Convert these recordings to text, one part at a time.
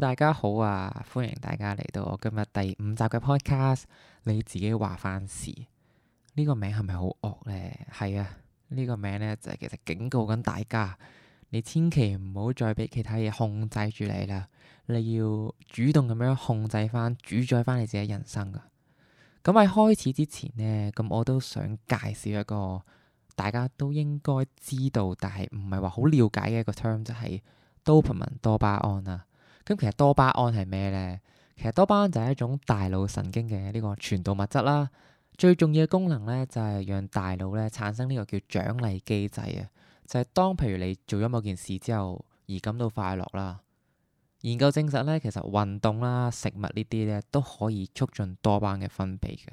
大家好啊！歡迎大家嚟到我今日第五集嘅 podcast。你自己話返事呢個名係咪好惡呢？係啊，呢個名呢，就係其實警告緊大家，你千祈唔好再俾其他嘢控制住你啦。你要主動咁樣控制翻，主宰翻你自己人生噶。咁喺開始之前呢，咁我都想介紹一個大家都應該知道，但係唔係話好了解嘅一個 term，就係 Dopamine 多巴胺啊。咁其實多巴胺係咩咧？其實多巴胺就係一種大腦神經嘅呢個傳導物質啦。最重要嘅功能咧就係讓大腦咧產生呢個叫獎勵機制啊。就係當譬如你做咗某件事之後而感到快樂啦。研究證實咧，其實運動啦、食物呢啲咧都可以促進多巴胺嘅分泌嘅。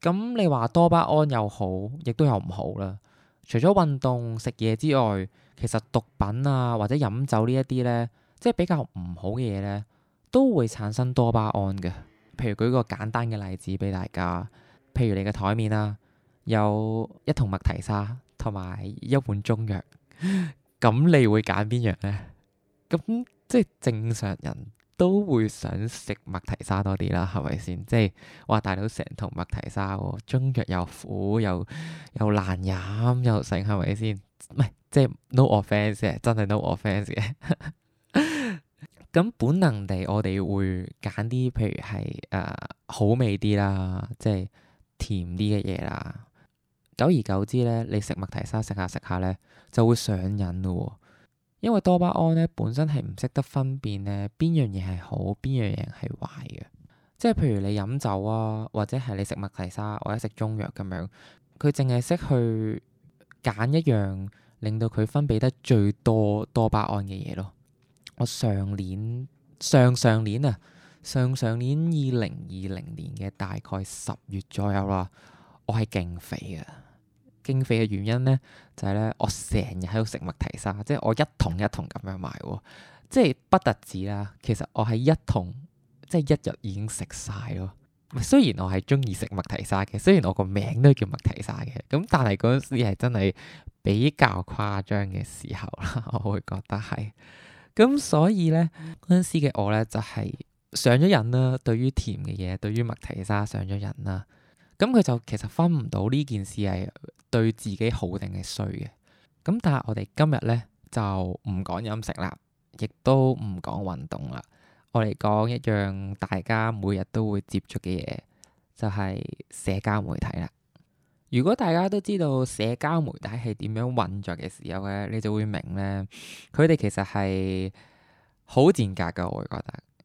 咁你話多巴胺又好，亦都有唔好啦。除咗運動、食嘢之外，其實毒品啊或者飲酒呢一啲咧。即係比較唔好嘅嘢呢，都會產生多巴胺嘅。譬如舉個簡單嘅例子俾大家，譬如你嘅台面啦、啊，有一桶麥提沙同埋一碗中藥，咁 你會揀邊樣呢？咁 即係正常人都會想食麥提沙多啲啦，係咪先？即係哇大佬成桶麥提沙喎，中藥又苦又又難飲又醒，係咪先？唔係即係 no offense，真係 no offense 嘅。 咁本能地，我哋會揀啲譬如係誒好味啲啦，即係甜啲嘅嘢啦。久而久之咧，你食麥提莎食下食下咧，就會上癮咯喎。因為多巴胺咧本身係唔識得分辨咧邊樣嘢係好，邊樣嘢係壞嘅。即係譬如你飲酒啊，或者係你食麥提莎，或者食中藥咁樣，佢淨係識去揀一樣令到佢分泌得最多多巴胺嘅嘢咯。我上年、上上年啊，上上年二零二零年嘅大概十月左右啦，我係勁肥啊。勁肥嘅原因呢，就係、是、呢，我成日喺度食麥提沙，即係我一桶一桶咁樣買，即係不特止啦。其實我係一桶，即、就、係、是、一日已經食晒咯。雖然我係中意食麥提沙嘅，雖然我個名都叫麥提沙嘅，咁但係嗰陣時係真係比較誇張嘅時候啦，我會覺得係。咁所以咧，嗰陣時嘅我咧就係上咗癮啦，對於甜嘅嘢，對於麥提莎，上咗癮啦。咁佢就其實分唔到呢件事係對自己好定係衰嘅。咁但係我哋今日咧就唔講飲食啦，亦都唔講運動啦，我哋講一樣大家每日都會接觸嘅嘢，就係社交媒體啦。如果大家都知道社交媒體係點樣運作嘅時候咧，你就會明咧，佢哋其實係好賤格㗎，我會覺得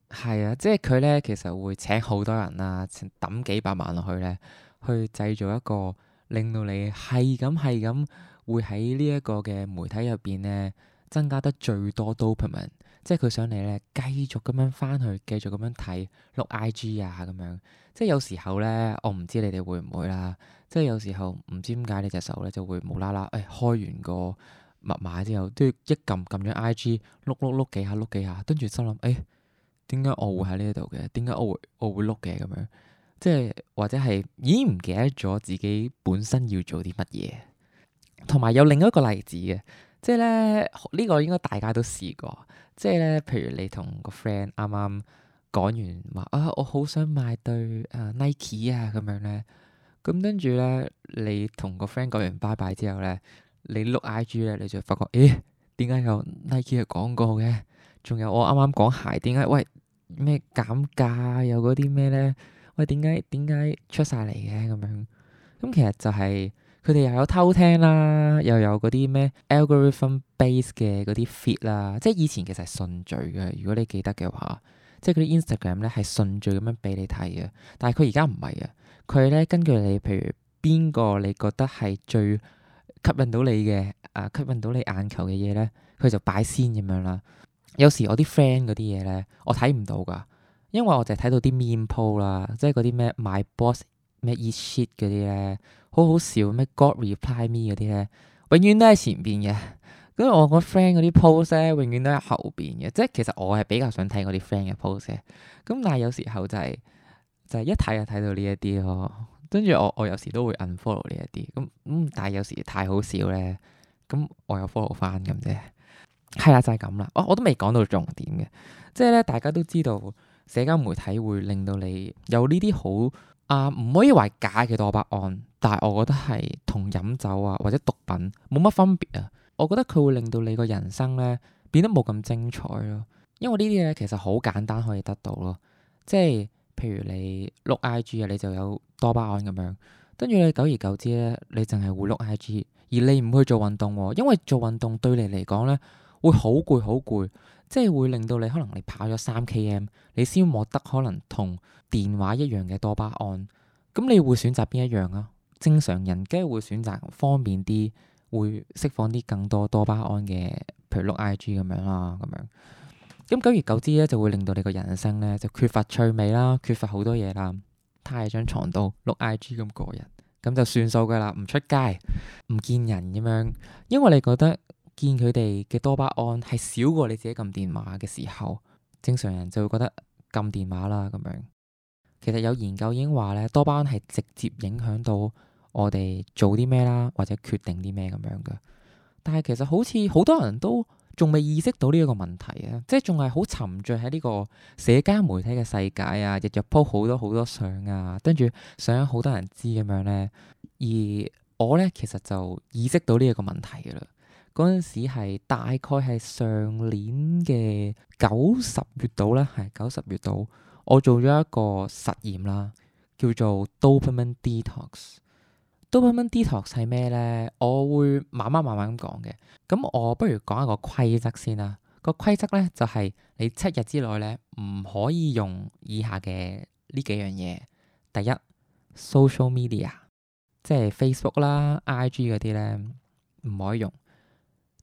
係啊，即係佢咧其實會請好多人啦，抌幾百萬落去咧，去製造一個令到你係咁係咁會喺呢一個嘅媒體入邊咧，增加得最多 document，即係佢想你咧繼續咁樣返去，繼續咁樣睇碌 I G 啊咁樣，即係有時候咧，我唔知你哋會唔會啦，即係有時候唔知點解你隻手咧就會無啦啦，誒、哎、開完個密碼之後，都要一撳撳咗 I G 碌碌碌幾下碌幾下，跟住心諗誒，點、哎、解我會喺呢一度嘅？點解我會我會碌嘅？咁樣，即係或者係已經唔記得咗自己本身要做啲乜嘢，同埋有，有另一個例子嘅。即係咧呢、這個應該大家都試過，即係咧，譬如你同個 friend 啱啱講完話啊，我好想買對啊 Nike 啊咁樣咧，咁跟住咧你同個 friend 講完拜拜之後咧，你碌 IG 咧，你就發覺咦，點解有 Nike 嘅廣告嘅？仲有我啱啱講鞋，點解喂咩減價，有嗰啲咩咧？喂，點解點解出晒嚟嘅咁樣？咁其實就係、是。佢哋又有偷聽啦，又有嗰啲咩 algorithm based 嘅嗰啲 feed 啦，即係以前其實係順序嘅。如果你記得嘅話，即係嗰啲 Instagram 咧係順序咁樣俾你睇嘅。但係佢而家唔係啊，佢咧根據你，譬如邊個你覺得係最吸引到你嘅啊，吸引到你眼球嘅嘢咧，佢就擺先咁樣啦。有時我啲 friend 嗰啲嘢咧，我睇唔到噶，因為我就睇到啲麵鋪啦，即係嗰啲咩 My Boss 咩熱 shit 嗰啲咧，好好笑咩 God reply me 嗰啲咧，永遠都喺前邊嘅。咁 我個 friend 嗰啲 post 咧，永遠都喺後邊嘅。即係其實我係比較想睇我啲 friend 嘅 post 嘅。咁但係有時候就係、是、就係、是、一睇就睇到呢一啲咯。跟住我我有時都會 unfollow 呢一啲咁咁，但係有時太好笑咧，咁我又 follow 翻咁啫。係啦、啊，就係咁啦。我我都未講到重點嘅，即係咧大家都知道社交媒體會令到你有呢啲好。啊，唔、uh, 可以話假嘅，多巴胺，但係我覺得係同飲酒啊或者毒品冇乜分別啊，我覺得佢會令到你個人生咧變得冇咁精彩咯，因為呢啲咧其實好簡單可以得到咯，即係譬如你碌 IG 啊，你就有多巴胺咁樣，跟住你久而久之咧，你淨係會碌 IG，而你唔去做運動，喎，因為做運動對你嚟講咧。會好攰好攰，即係會令到你可能你跑咗三 km，你先獲得可能同電話一樣嘅多巴胺。咁你會選擇邊一樣啊？正常人梗係會選擇方便啲，會釋放啲更多多巴胺嘅，譬如碌 IG 咁樣啦，咁樣。咁久而久之咧，就會令到你個人生咧就缺乏趣味啦，缺乏好多嘢啦。癱喺張床度碌 IG 咁過日，咁就算數噶啦，唔出街，唔見人咁樣，因為你覺得。見佢哋嘅多巴胺係少過你自己撳電話嘅時候，正常人就會覺得撳電話啦。咁樣其實有研究已經話咧，多巴胺係直接影響到我哋做啲咩啦，或者決定啲咩咁樣嘅。但係其實好似好多人都仲未意識到呢一個問題啊，即係仲係好沉醉喺呢個社交媒體嘅世界啊，日日 po 好多好多相啊，跟住想好多人知咁樣咧。而我咧其實就意識到呢一個問題噶啦。嗰陣時係大概係上年嘅九十月度啦，係九十月度，我做咗一個實驗啦，叫做 Dopamine Detox。Dopamine Detox 係咩咧？我會慢慢慢慢咁講嘅。咁我不如講一個規則先啦。個規則咧就係、係、你七日之內咧唔可以用以下嘅呢幾樣嘢。第一，social media，即係 Facebook 啦、IG 嗰啲咧唔可以用。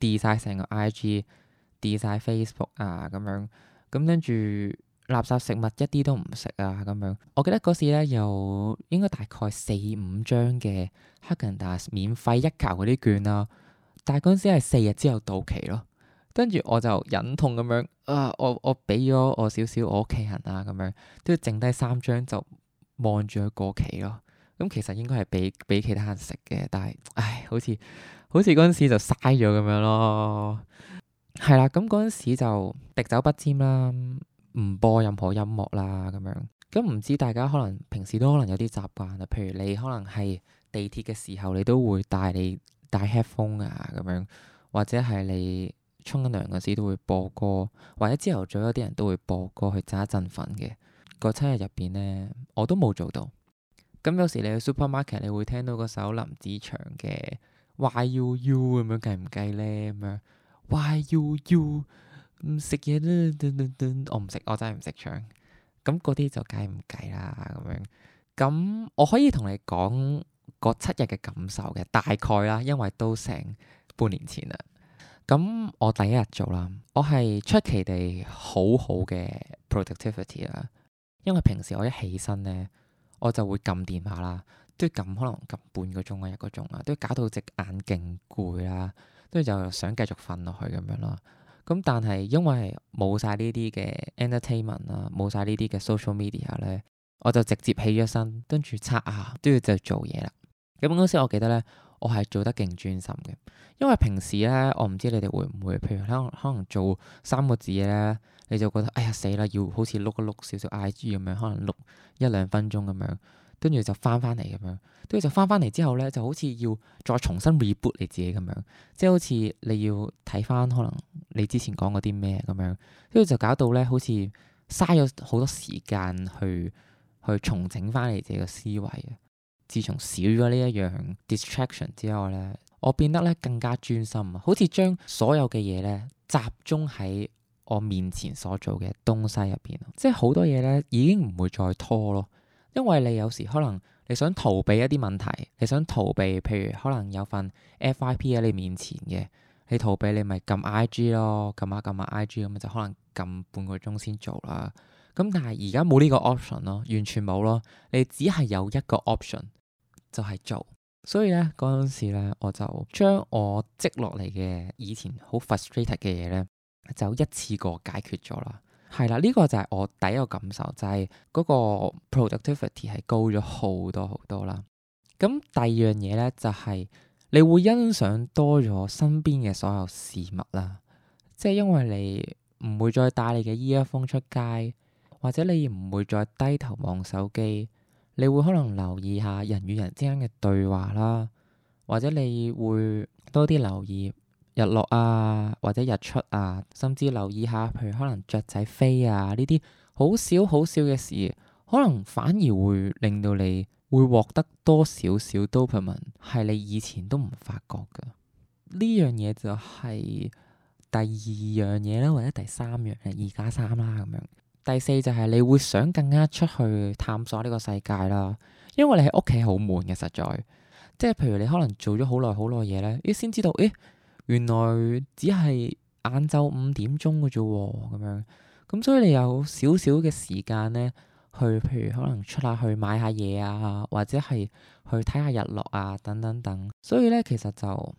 delete 晒成個 IG，delete 晒 Facebook 啊咁樣，咁跟住垃圾食物一啲都唔食啊咁樣。我記得嗰時咧有應該大概四五張嘅 Häagen-Dazs 免費一嚿嗰啲券啦，但係嗰陣時係四日之後到期咯。跟住我就忍痛咁樣啊，我我俾咗我少少我屋企人啊咁樣，都要剩低三張就望住佢過期咯。咁、嗯、其實應該係俾俾其他人食嘅，但係唉好似。好似嗰陣時就嘥咗咁樣咯，係啦。咁嗰陣時就滴酒不沾啦，唔播任何音樂啦，咁樣咁唔知大家可能平時都可能有啲習慣啊。譬如你可能係地鐵嘅時候，你都會帶你帶 headphone 啊，咁樣或者係你沖緊涼嗰時都會播歌，或者朝頭早有啲人都會播歌，去爭一陣瞓。嘅個七日入面咧，我都冇做到。咁有時你去 supermarket，你會聽到嗰首林子祥嘅。Why you you 咁樣計唔計咧咁樣？Why you you 唔食嘢啦，我唔食，我真係唔食腸。咁嗰啲就梗係唔計啦咁樣。咁我可以同你講嗰七日嘅感受嘅大概啦，因為都成半年前啦。咁我第一日做啦，我係出奇地好好嘅 productivity 啦，因為平時我一起身咧，我就會撳電話啦。都要撳可能撳半個鐘啊，一個鐘啊，都要搞到隻眼勁攰啦，跟住就想繼續瞓落去咁樣咯、啊。咁但係因為冇晒呢啲嘅 entertainment 啦、啊，冇晒呢啲嘅 social media 咧、啊，我就直接起咗身，跟住刷下，都要就做嘢啦。咁嗰時我記得咧，我係做得勁專心嘅，因為平時咧，我唔知你哋會唔會，譬如可能可能做三個字咧，你就覺得哎呀死啦，要好似碌一碌少少 IG 咁樣，可能碌一兩分鐘咁樣。跟住就翻翻嚟咁樣，跟住就翻翻嚟之後咧，就好似要再重新 reboot 你自己咁樣，即係好似你要睇翻可能你之前講過啲咩咁樣，跟住就搞到咧好似嘥咗好多時間去去重整翻你自己嘅思維。自從少咗呢一樣 distraction 之後咧，我變得咧更加專心，好似將所有嘅嘢咧集中喺我面前所做嘅東西入邊，即係好多嘢咧已經唔會再拖咯。因為你有時可能你想逃避一啲問題，你想逃避，譬如可能有份 FYP 喺你面前嘅，你逃避你咪撳 IG 咯，撳下撳下 IG 咁樣就可能撳半個鐘先做啦。咁但係而家冇呢個 option 咯，完全冇咯。你只係有一個 option 就係做。所以咧嗰陣時咧，我就將我積落嚟嘅以前好 frustrated 嘅嘢咧，就一次過解決咗啦。係啦，呢個就係我第一個感受，就係、是、嗰個 productivity 係高咗好多好多啦。咁第二樣嘢咧，就係、是、你會欣賞多咗身邊嘅所有事物啦，即係因為你唔會再帶你嘅 earphone 出街，或者你唔會再低頭望手機，你會可能留意下人與人之間嘅對話啦，或者你會多啲留意。日落啊，或者日出啊，甚至留意下，譬如可能雀仔飛啊，呢啲好少好少嘅事，可能反而會令到你會獲得多少少 dopamine，係你以前都唔發覺嘅。呢樣嘢就係第二樣嘢啦，或者第三樣係二加三啦咁樣。第四就係你會想更加出去探索呢個世界啦，因為你喺屋企好悶嘅，實在，即係譬如你可能做咗好耐好耐嘢咧，要先知道誒。原來只係晏晝五點鐘嘅啫，咁樣，咁所以你有少少嘅時間咧，去譬如可能出下去買下嘢啊，或者係去睇下日落啊，等等等等。所以咧，其實就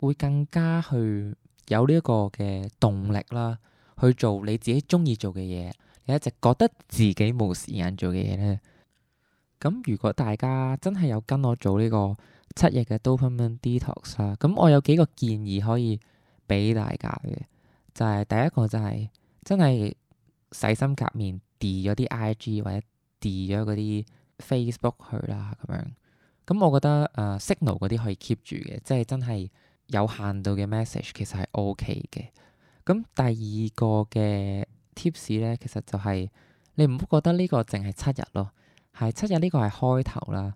會更加去有呢一個嘅動力啦，去做你自己中意做嘅嘢，你一直覺得自己冇時間做嘅嘢咧。咁如果大家真係有跟我做呢個。七日嘅 dopamine detox 啦，咁我有幾個建議可以俾大家嘅，就係、是、第一個就係、是、真係洗心革面 d e 咗啲 IG 或者 d e 咗嗰啲 Facebook 去啦咁樣。咁我覺得誒、呃、signal 嗰啲可以 keep 住嘅，即係真係有限度嘅 message 其實係 O K 嘅。咁第二個嘅 tips 咧，其實就係、是、你唔好覺得呢個淨係七日咯，係七日呢個係開頭啦。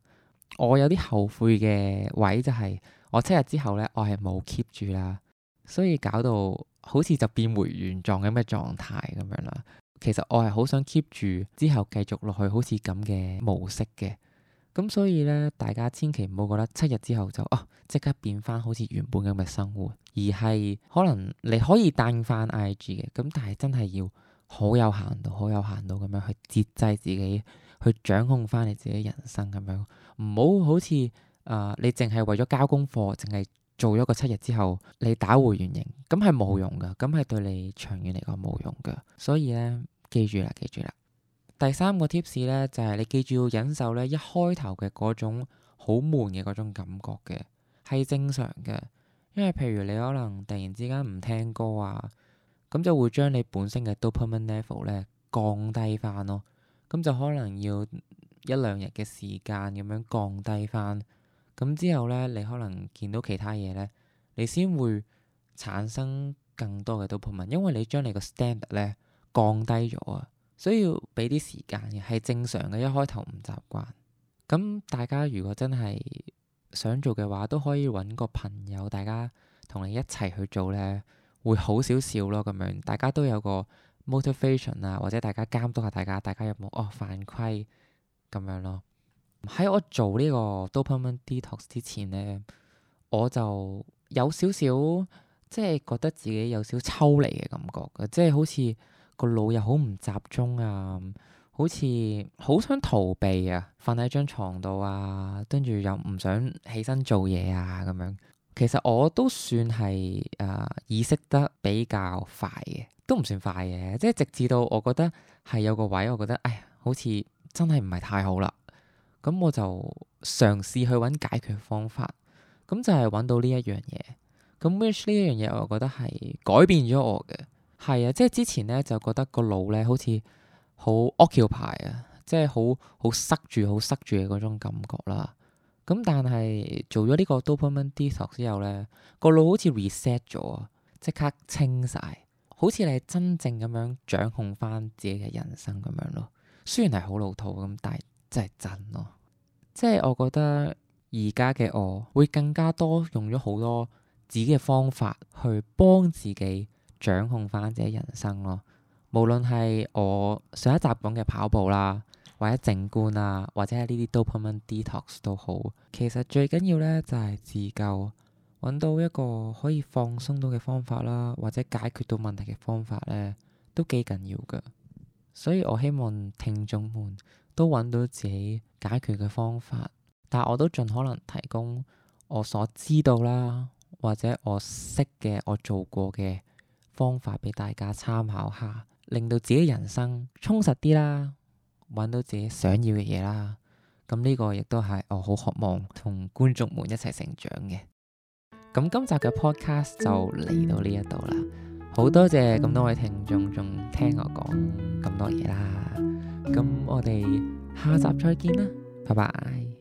我有啲後悔嘅位就係我七日之後咧，我係冇 keep 住啦，所以搞到好似就變回原狀咁嘅狀態咁樣啦。其實我係好想 keep 住之後繼續落去，好似咁嘅模式嘅。咁所以咧，大家千祈唔好覺得七日之後就哦即刻變翻好似原本咁嘅生活，而係可能你可以 down 翻 I G 嘅，咁但係真係要好有限度、好有限度咁樣去節制自己，去掌控翻你自己人生咁樣。唔好好似，誒、呃，你淨係為咗交功課，淨係做咗個七日之後，你打回原形，咁係冇用噶，咁係對你長遠嚟講冇用噶。所以咧，記住啦，記住啦。第三個 tips 咧，就係、是、你記住要忍受咧一開頭嘅嗰種好悶嘅嗰種感覺嘅，係正常嘅。因為譬如你可能突然之間唔聽歌啊，咁就會將你本身嘅 dopamine level 咧降低翻咯，咁就可能要，一兩日嘅時間咁樣降低翻，咁之後咧，你可能見到其他嘢咧，你先會產生更多嘅 dopamine，因為你將你個 standard 咧降低咗啊，所以要俾啲時間嘅，係正常嘅。一開頭唔習慣，咁大家如果真係想做嘅話，都可以揾個朋友，大家同你一齊去做咧，會好少少咯。咁樣大家都有個 motivation 啊，或者大家監督下大家，大家有冇哦犯規。咁樣咯。喺我做呢個多巴胺 detox 之前咧，我就有少少即係覺得自己有少抽離嘅感覺嘅，即係好似個腦又好唔集中啊，好似好想逃避啊，瞓喺張床度啊，跟住又唔想起身做嘢啊，咁樣。其實我都算係誒、呃、意識得比較快嘅，都唔算快嘅，即係直至到我覺得係有個位，我覺得哎呀，好似。真係唔係太好啦，咁我就嘗試去揾解決方法，咁就係揾到呢一樣嘢，咁 which 呢一樣嘢，我覺得係改變咗我嘅。係啊，即係之前咧就覺得個腦咧好似好 occupy 啊，即係好好塞住，好塞住嘅嗰種感覺啦，咁但係做咗呢個 dopamine detox 之後咧，個腦好似 reset 咗，啊，即刻清晒，好似你係真正咁樣掌控翻自己嘅人生咁樣咯。雖然係好老土咁，但係真係真咯。即係我覺得而家嘅我會更加多用咗好多自己嘅方法去幫自己掌控翻自己人生咯。無論係我上一集講嘅跑步啦，或者靜觀啊，或者係呢啲多巴胺 detox 都好，其實最緊要咧就係自救，揾到一個可以放鬆到嘅方法啦，或者解決到問題嘅方法咧，都幾緊要㗎。所以我希望聽眾們都揾到自己解決嘅方法，但我都盡可能提供我所知道啦，或者我識嘅、我做過嘅方法俾大家參考下，令到自己人生充實啲啦，揾到自己想要嘅嘢啦。咁呢個亦都係我好渴望同觀眾們一齊成長嘅。咁今集嘅 podcast 就嚟到呢一度啦。好多謝咁多位聽眾仲聽我講咁多嘢啦，咁我哋下集再見啦，拜拜。